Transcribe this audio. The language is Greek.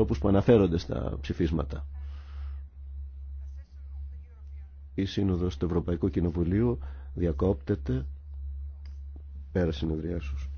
όπως που αναφέρονται στα ψηφίσματα. Η Σύνοδος του Ευρωπαϊκού Κοινοβουλίου διακόπτεται πέρα συνεδριάσεως.